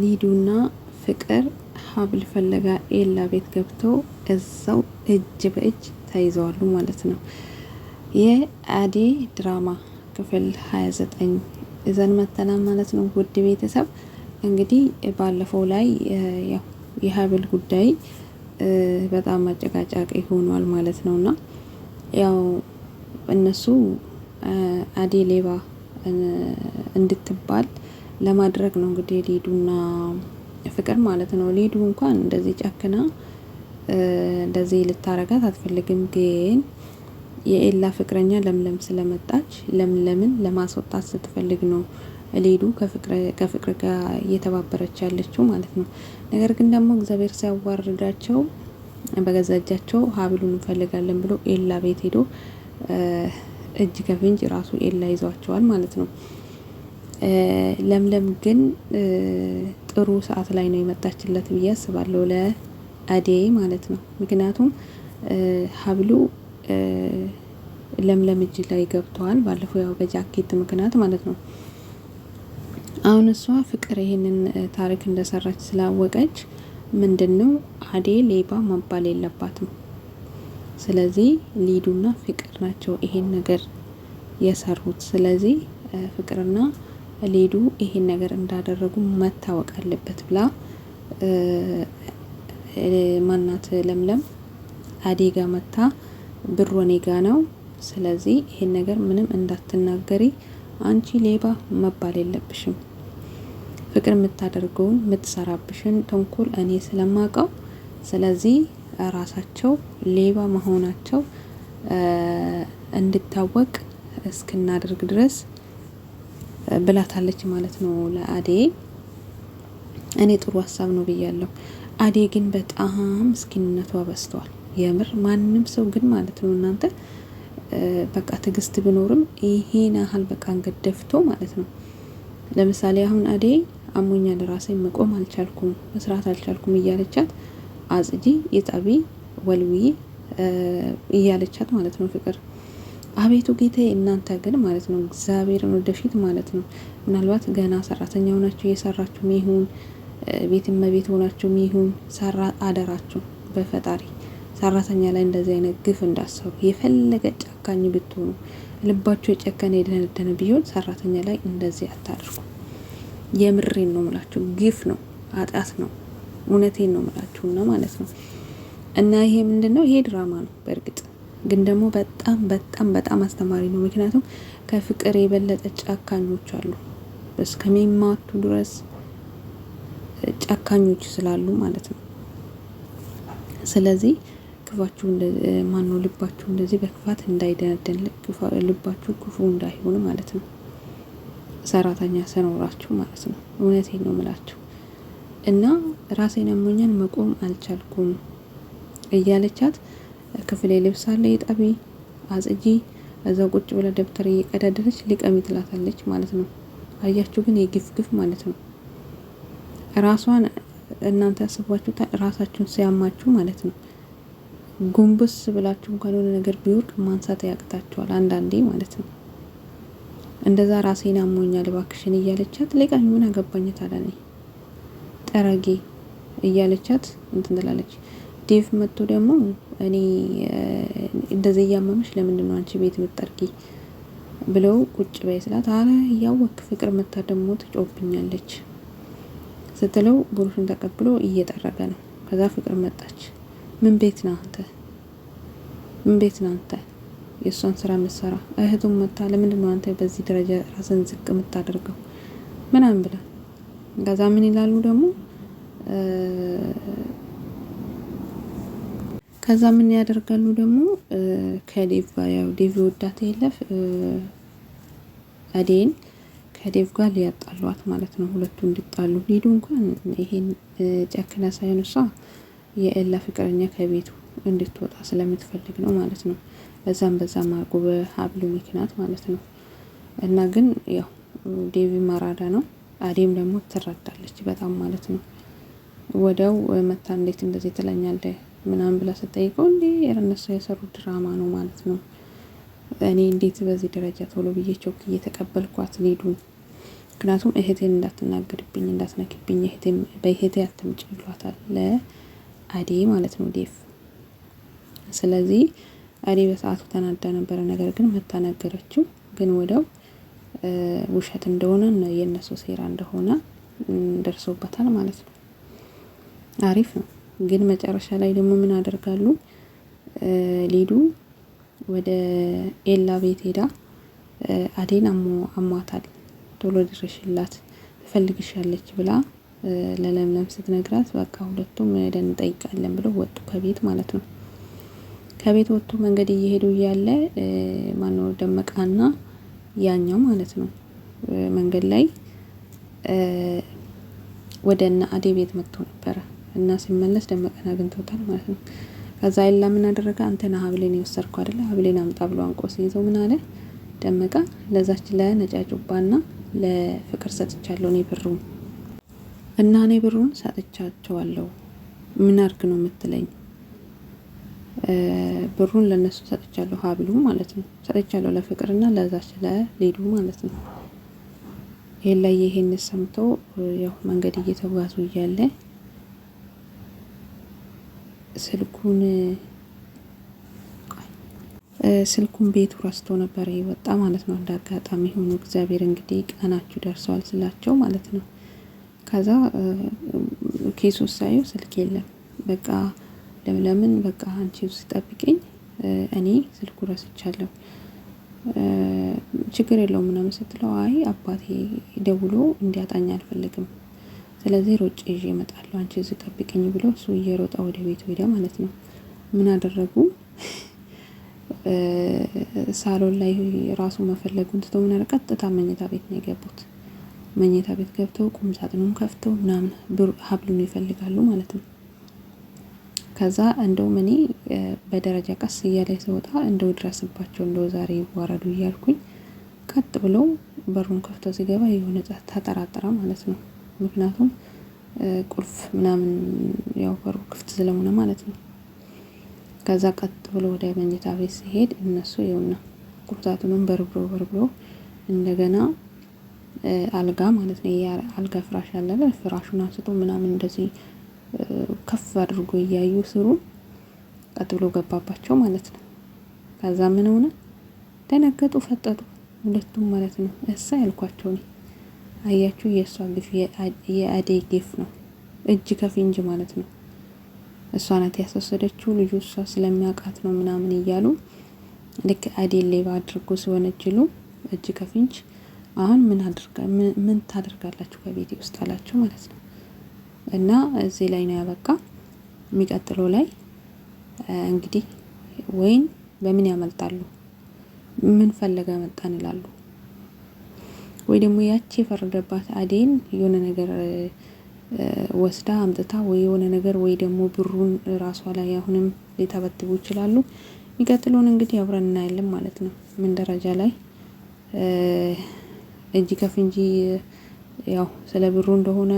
ሊዱና ፍቅር ሀብል ፈለጋ ኤላ ቤት ገብተው እዛው እጅ በእጅ ተይዘዋሉ ማለት ነው። የአደይ ድራማ ክፍል 29 እዘን መተናል ማለት ነው። ውድ ቤተሰብ እንግዲህ ባለፈው ላይ የሀብል ጉዳይ በጣም አጨቃጫቂ ሆኗል ማለት ነው እና ያው እነሱ አዴ ሌባ እንድትባል ለማድረግ ነው እንግዲህ ሊዱና ፍቅር ማለት ነው። ሊዱ እንኳን እንደዚህ ጨክና እንደዚህ ልታረጋት አትፈልግም። ግን የኤላ ፍቅረኛ ለምለም ስለመጣች ለምለምን ለማስወጣት ስትፈልግ ነው ሊዱ ከፍቅር ጋር እየተባበረች ያለችው ማለት ነው። ነገር ግን ደግሞ እግዚአብሔር ሲያዋርዳቸው በገዛ እጃቸው ሀብሉን እንፈልጋለን ብሎ ኤላ ቤት ሄዶ እጅ ከፍንጅ ራሱ ኤላ ይዟቸዋል ማለት ነው። ለምለም ግን ጥሩ ሰዓት ላይ ነው የመጣችለት ብዬ አስባለሁ፣ ለአዴይ ማለት ነው። ምክንያቱም ሀብሉ ለምለም እጅ ላይ ገብተዋል። ባለፈው ያው በጃኬት ምክንያት ማለት ነው። አሁን እሷ ፍቅር ይህንን ታሪክ እንደሰራች ስላወቀች ምንድን ነው አዴ ሌባ መባል የለባትም። ስለዚህ ሊዱና ፍቅር ናቸው ይሄን ነገር የሰሩት። ስለዚህ ፍቅርና ሌዱ ይሄን ነገር እንዳደረጉ መታወቅ አለበት ብላ ማናት ለምለም አዴጋ መታ ብር ወኔጋ ነው። ስለዚህ ይሄን ነገር ምንም እንዳትናገሪ አንቺ ሌባ መባል የለብሽም። ፍቅር የምታደርገውን የምትሰራብሽን ተንኮል እኔ ስለማውቀው፣ ስለዚህ ራሳቸው ሌባ መሆናቸው እንድታወቅ እስክናደርግ ድረስ ብላታለች ማለት ነው ለአዴ። እኔ ጥሩ ሀሳብ ነው ብያለሁ። አዴ ግን በጣም ምስኪንነቷ በዝቷል። የምር ማንም ሰው ግን ማለት ነው እናንተ በቃ ትግስት ቢኖርም ይሄን ያህል በቃ አንገት ደፍቶ ማለት ነው። ለምሳሌ አሁን አዴ አሞኛ ለራሴ መቆም አልቻልኩም፣ መስራት አልቻልኩም እያለቻት አጽጂ፣ የጣቢ፣ ወልዊ እያለቻት ማለት ነው ፍቅር አቤቱ ጌታዬ እናንተ ግን ማለት ነው እግዚአብሔርን ወደፊት ማለት ነው ምናልባት ገና ሰራተኛ ሆናችሁ እየሰራችሁ ይሁን ቤት መቤት ሆናችሁ ይሁን ሰራ አደራችሁ በፈጣሪ ሰራተኛ ላይ እንደዚህ አይነት ግፍ እንዳሰሩ የፈለገ ጨካኝ ብትሆኑ ልባችሁ የጨከነ የደነደነ ቢሆን ሰራተኛ ላይ እንደዚህ አታድርጉ። የምሬን ነው ምላችሁ፣ ግፍ ነው፣ ኃጢአት ነው። እውነቴን ነው ነው ማለት ነው እና ይሄ ምንድን ነው? ይሄ ድራማ ነው በእርግጥ ግን ደግሞ በጣም በጣም በጣም አስተማሪ ነው። ምክንያቱም ከፍቅር የበለጠ ጨካኞች አሉ እስከሚማቱ ድረስ ጨካኞች ስላሉ ማለት ነው። ስለዚህ ክፋችሁ ማነው ልባችሁ እንደዚህ በክፋት እንዳይደነደን ልባችሁ ክፉ እንዳይሆን ማለት ነው። ሰራተኛ ስኖራችሁ ማለት ነው። እውነቴን ነው የምላችሁ እና ራሴን አሞኛል መቆም አልቻልኩም እያለቻት ክፍሌ ልብስ አለ የጣቢ አጽጂ እዛው ቁጭ ብላ ደብተር እየቀዳደረች ሊቀሚ ትላታለች ማለት ነው። አያችሁ ግን የግፍ ግፍ ማለት ነው። ራሷን እናንተ ያስባችሁ ራሳችሁን ሲያማችሁ ማለት ነው። ጉንብስ ብላችሁ እንኳን የሆነ ነገር ቢወርቅ ማንሳት ያቅታችኋል አንዳንዴ ማለት ነው። እንደዛ ራሴን አሞኛል እባክሽን እያለቻት ሊቀሚ ምን አገባኝ ታዲያ ጠረጌ እያለቻት እንትን ትላለች። ዴቭ መጥቶ ደግሞ እኔ እንደዚህ እያመመሽ ለምንድን ነው አንቺ ቤት የምጠርጊ ብለው ቁጭ በይ ስላት፣ አረ እያወክ ፍቅር መታ ደግሞ ትጮብኛለች ስትለው ብሩሽን ተቀብሎ እየጠረገ ነው። ከዛ ፍቅር መጣች። ምን ቤት ና አንተ ምን ቤት ና አንተ የእሷን ስራ ምሰራ እህቱም መታ ለምንድን ነው አንተ በዚህ ደረጃ ራስን ዝቅ የምታደርገው ምናምን ብላ ከዛ ምን ይላሉ ደግሞ ከዛ ምን ያደርጋሉ ደግሞ ከዴቭ ጋር ያው ዴቭ ወዳት የለፍ አዴን ከዴቭ ጋር ሊያጣሏት ማለት ነው። ሁለቱ እንዲጣሉ ሊዱ እንኳን ይሄን ጨክና ሳይሆን እሷ የኤላ ፍቅረኛ ከቤቱ እንድትወጣ ስለምትፈልግ ነው ማለት ነው። በዛም በዛም አርጎ በሀብሉ ምክንያት ማለት ነው። እና ግን ያው ዴቪ መራዳ ነው። አዴም ደግሞ ትረዳለች በጣም ማለት ነው። ወደው መታ እንዴት እንደዚህ ትለኛለህ ምናምን ብላ ስጠይቀው እንዴ እነሱ የሰሩት ድራማ ነው ማለት ነው። እኔ እንዴት በዚህ ደረጃ ቶሎ ብዬ ቾክ እየተቀበልኳት ሊዱን ምክንያቱም እህቴን እንዳትናገድብኝ እንዳትነክብኝ በእህቴ አትምጭ ብሏታል ለአዴ ማለት ነው ዴፍ። ስለዚህ አዴ በሰዓቱ ተናዳ ነበረ። ነገር ግን መታነገረችው ግን ወደው ውሸት እንደሆነ የእነሱ ሴራ እንደሆነ ደርሶበታል ማለት ነው። አሪፍ ነው። ግን መጨረሻ ላይ ደግሞ ምን አደርጋሉ ሊዱ ወደ ኤላ ቤት ሄዳ አዴን አሟታል ቶሎ ድረሽላት ትፈልግሻለች ብላ ለለምለም ስትነግራት በቃ ሁለቱም ደን እንጠይቃለን ብለው ወጡ ከቤት ማለት ነው። ከቤት ወጡ መንገድ እየሄዱ እያለ ማነው ደመቃና ያኛው ማለት ነው መንገድ ላይ ወደ እነ አዴ ቤት መጥቶ እና ሲመለስ ደመቀን አግኝቶታል ማለት ነው። ከዛ ይላ ምን አደረገ? አንተና ሀብሌን የወሰድኩ አይደለ? ሀብሌን አምጣ ብሎ አንቆ ሲይዘው ምን አለ? ደመቀ ለዛች ለነጫጩባና ለፍቅር ሰጥቻለሁ እኔ ብሩን እና እኔ ብሩን ሰጥቻቸዋለሁ። ምን አርግ ነው የምትለኝ? ብሩን ለነሱ ሰጥቻለሁ፣ ሀብሉ ማለት ነው ሰጥቻለሁ፣ ለፍቅርና ለዛች ለሊዱ ማለት ነው። ይሄን ላይ ይሄን ሰምቶ ያው መንገድ እየተጓዙ እያለ ስልኩን ስልኩን ቤቱ ረስቶ ነበር የወጣ ማለት ነው። እንደ አጋጣሚ ሆኖ እግዚአብሔር እንግዲህ ቀናችሁ ደርሰዋል ስላቸው ማለት ነው። ከዛ ኬስ ሳየው ስልክ የለም። በቃ ለምለምን በቃ አንቺ ስጠብቅኝ እኔ ስልኩ ረስቻለሁ ችግር የለውም ምናምን ስትለው አይ አባቴ ደውሎ እንዲያጣኝ አልፈልግም ስለዚህ ሮጭ ይዤ እመጣለሁ አንቺ እዚህ ጠብቅኝ ብሎ እሱ እየሮጣ ወደ ቤቱ ሄደ ማለት ነው። ምን አደረጉ? ሳሎን ላይ ራሱ መፈለጉን ትቶ ምን ቀጥታ መኝታ ቤት ነው የገቡት። መኝታ ቤት ገብተው ቁም ሳጥኑን ከፍተው ምናምን ሀብሉን ይፈልጋሉ ማለት ነው። ከዛ እንደው እኔ በደረጃ ቀስ እያለ ስወጣ እንደው ድረስባቸው እንደው ዛሬ ይዋረዱ እያልኩኝ ቀጥ ብለው በሩን ከፍተው ሲገባ የሆነ ተጠራጠረ ማለት ነው። ምክንያቱም ቁልፍ ምናምን ያው በሩ ክፍት ስለሆነ ማለት ነው። ከዛ ቀጥ ብሎ ወደ መኝታ ቤት ሲሄድ እነሱ ይኸውና ቁርታቱንም በርብሮ በርብሮ እንደገና አልጋ ማለት ነው አልጋ ፍራሽ ያለ ፍራሹን አንስቶ ምናምን እንደዚህ ከፍ አድርጎ እያዩ ስሩ ቀጥ ብሎ ገባባቸው ማለት ነው። ከዛ ምን ሆነ ደነገጡ፣ ፈጠጡ ሁለቱም ማለት ነው። እሳ አልኳቸው አያችሁ፣ የእሷ ግፍ የአደይ ግፍ ነው። እጅ ከፍንጅ ማለት ነው። እሷ ናት ያስወሰደችው ልጁ እሷ ስለሚያውቃት ነው ምናምን እያሉ ልክ አደይ ሌባ አድርጎ ሲወነጅሉ እጅ ከፍንጅ። አሁን ምን አድርጋ ምን ታደርጋላችሁ ከቤቴ ውስጥ አላችሁ ማለት ነው። እና እዚህ ላይ ነው ያበቃ። የሚቀጥለው ላይ እንግዲህ ወይን በምን ያመልጣሉ? ምን ፈለገ መጣን ይላሉ። ወይ ደግሞ ያቺ የፈረደባት አዴን የሆነ ነገር ወስዳ አምጥታ ወይ የሆነ ነገር ወይ ደግሞ ብሩን ራሷ ላይ አሁንም ሊተበትቡ ይችላሉ። የሚቀጥለውን እንግዲህ አብረን እናያለን ማለት ነው። ምን ደረጃ ላይ እጅ ከፍንጂ ያው ስለ ብሩ እንደሆነ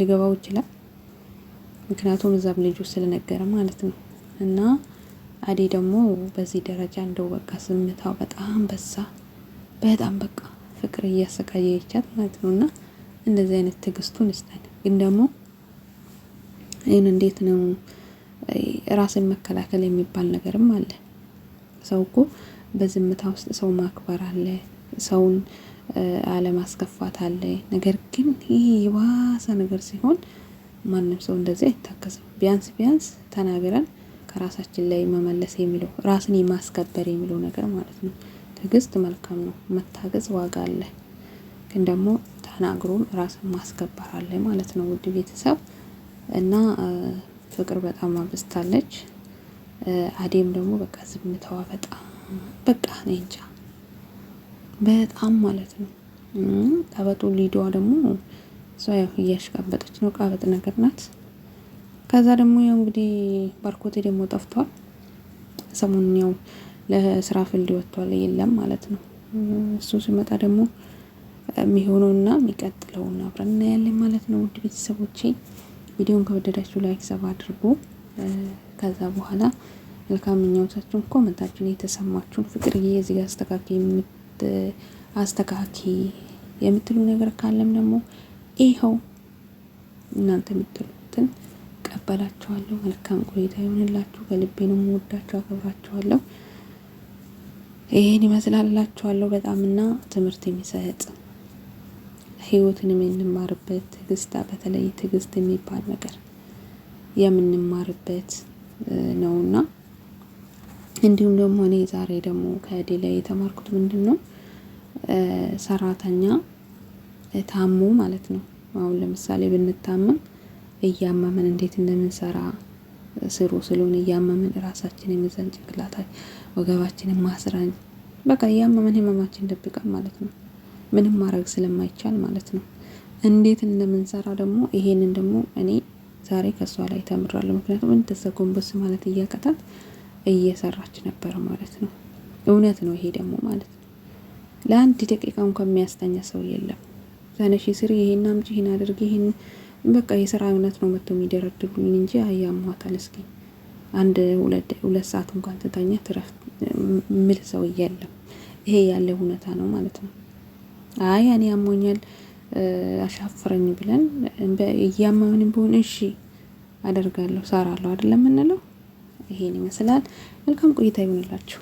ሊገባው ይችላል። ምክንያቱም እዛም ልጁ ስለነገረ ማለት ነው። እና አዴ ደግሞ በዚህ ደረጃ እንደው በቃ ዝምታው በጣም በዛ፣ በጣም በቃ ፍቅር እያሰቃየቻት ማለት ነው። እና እንደዚህ አይነት ትዕግስቱን ይስጠን። ግን ደግሞ ይህን እንዴት ነው ራስን መከላከል የሚባል ነገርም አለ። ሰው እኮ በዝምታ ውስጥ ሰው ማክበር አለ፣ ሰውን አለማስከፋት አለ። ነገር ግን ይህ የባሰ ነገር ሲሆን ማንም ሰው እንደዚህ አይታከስም። ቢያንስ ቢያንስ ተናግረን ከራሳችን ላይ መመለስ የሚለው ራስን የማስከበር የሚለው ነገር ማለት ነው። ትዕግስት መልካም ነው። መታገዝ ዋጋ አለ። ግን ደግሞ ተናግሮም ራስን ማስከበር አለ ማለት ነው። ውድ ቤተሰብ እና ፍቅር በጣም አብዝታለች። አዴም ደግሞ በቃ ዝምታዋ በጣም በቃ እኔ እንጃ በጣም ማለት ነው። ቀበጡ ሊዲያ ደግሞ እሷ ያው እያሽቀበጠች ነው። ቀበጥ ነገር ናት። ከዛ ደግሞ ያው እንግዲህ ባርኮቴ ደግሞ ጠፍቷል ሰሞኑን ያው ለስራ ፍልድ ወጥቷል የለም ማለት ነው። እሱ ሲመጣ ደግሞ የሚሆነውና የሚቀጥለውን አብረን እናያለን ማለት ነው። ውድ ቤተሰቦቼ ቪዲዮን ከወደዳችሁ ላይክ ሰብ አድርጉ። ከዛ በኋላ መልካም ምኞታችሁን ኮመንታችሁን የተሰማችሁን ፍቅርዬ እዚህ ጋር አስተካኪ የምትሉ ነገር ካለም ደግሞ ይኸው እናንተ የምትሉትን ቀበላችኋለሁ። መልካም ቆይታ ይሆንላችሁ። ከልቤ ነው የምወዳችሁ፣ አከብራችኋለሁ። ይህን ይመስላላችኋለሁ። በጣም እና ትምህርት የሚሰጥ ህይወትን የምንማርበት ትዕግስት፣ በተለይ ትዕግስት የሚባል ነገር የምንማርበት ነውና እንዲሁም ደግሞ እኔ ዛሬ ደግሞ ከእዴ ላይ የተማርኩት ምንድን ነው ሰራተኛ ታሙ ማለት ነው። አሁን ለምሳሌ ብንታመም እያመመን እንዴት እንደምንሰራ ስሩ ስለሆነ እያመመን ራሳችን የሚዘን ጭንቅላታችን ወገባችንን ማስራን በቃ እያመመን ህመማችን ደብቀን ማለት ነው ምንም ማድረግ ስለማይቻል ማለት ነው። እንዴት እንደምንሰራ ደግሞ ይሄንን ደግሞ እኔ ዛሬ ከእሷ ላይ ተምራለሁ። ምክንያቱም እንደዛ ጎንበስ ማለት እያቀጣት እየሰራች ነበር ማለት ነው። እውነት ነው ይሄ ደግሞ ማለት ነው። ለአንድ ደቂቃ እንኳን የሚያስተኛ ሰው የለም። ተነሽ ስሪ፣ ይሄን አምጪ፣ ይሄን አድርጊ፣ ይሄን በቃ የስራ እውነት ነው መጥተው የሚደረድሩኝ እንጂ አያሟታል። እስኪ አንድ ሁለት ሰዓት እንኳን ትተኛ ትረፍ ምል ሰው እያለም ይሄ ያለ እውነታ ነው ማለት ነው። አይ እኔ ያሞኛል አሻፍረኝ ብለን እያመመንም ቢሆን እሺ አደርጋለሁ፣ ሰራለሁ አይደለም የምንለው። ይሄን ይመስላል። መልካም ቆይታ ይሆንላችሁ።